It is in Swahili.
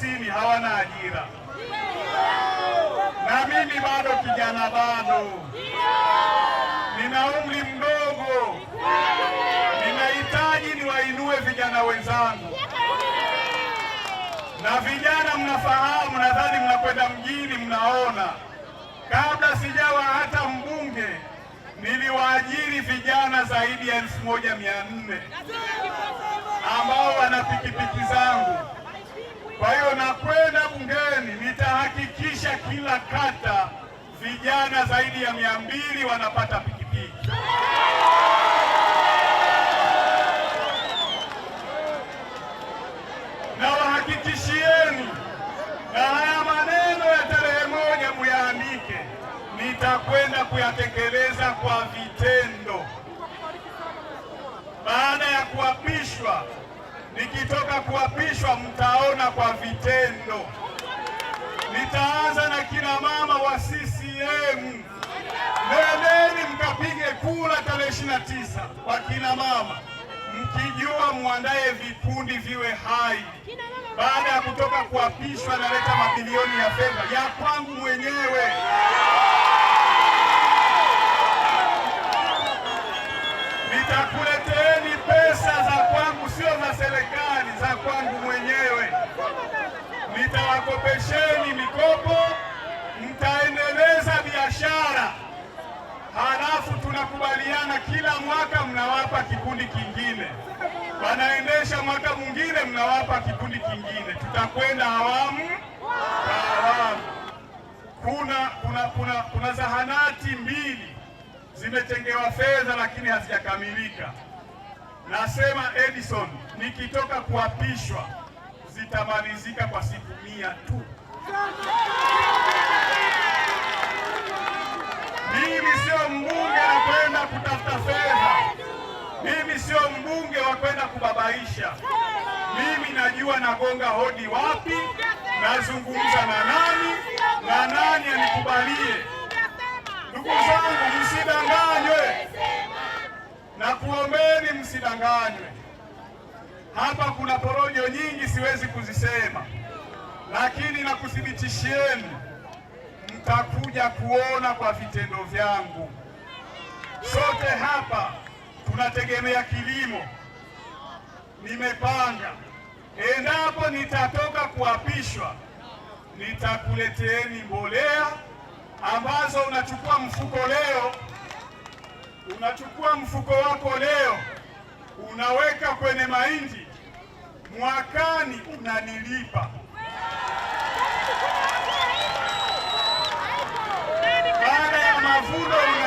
hamsini hawana ajira, na mimi bado kijana, bado nina umri mdogo. Ninahitaji niwainue vijana wenzangu, na vijana mnafahamu, nadhani mnakwenda mjini, mnaona kabla sijawa hata mbunge niliwaajiri vijana zaidi ya elfu moja mia nne ambao wana pikipiki zangu. kuhakikisha kila kata vijana zaidi ya mia mbili wanapata pikipiki. Na wahakikishieni, na haya maneno ya tarehe moja muyaandike, nitakwenda kuyatekeleza kwa vitendo. Baada ya kuapishwa, nikitoka kuapishwa, mtaona kwa vitendo. Nitaanza na kina mama wa CCM, nendeni mkapige kura tarehe 29 kwa kina mama, mkijua mwandaye vikundi viwe hai. Baada ya kutoka kuapishwa, naleta mabilioni ya fedha ya kwangu mwenyewe Nitakuleteeni pesa za kwangu, sio za serikali, za kwangu mwenyewe. Nitawakopesheni mnakubaliana kila mwaka mnawapa kikundi kingine, wanaendesha mwaka mwingine mnawapa kikundi kingine, tutakwenda awamu kwa awamu. Kuna, kuna, kuna, kuna zahanati mbili zimetengewa fedha lakini hazijakamilika. Nasema Edison, nikitoka kuapishwa zitamalizika kwa siku mia tu. Mimi sio mguu kwenda kutafuta fedha. Mimi sio mbunge wa kwenda kubabaisha. Mimi najua nagonga hodi wapi, nazungumza na nani na nani anikubalie. Ndugu zangu, msidanganywe na kuombeni, msidanganywe. Hapa kuna porojo nyingi, siwezi kuzisema, lakini nakuthibitishieni, mtakuja kuona kwa vitendo vyangu. Sote hapa tunategemea kilimo. Nimepanga endapo nitatoka kuapishwa, nitakuleteeni mbolea ambazo unachukua mfuko leo, unachukua mfuko wako leo unaweka kwenye mahindi, mwakani unanilipa. Baada ya mavuno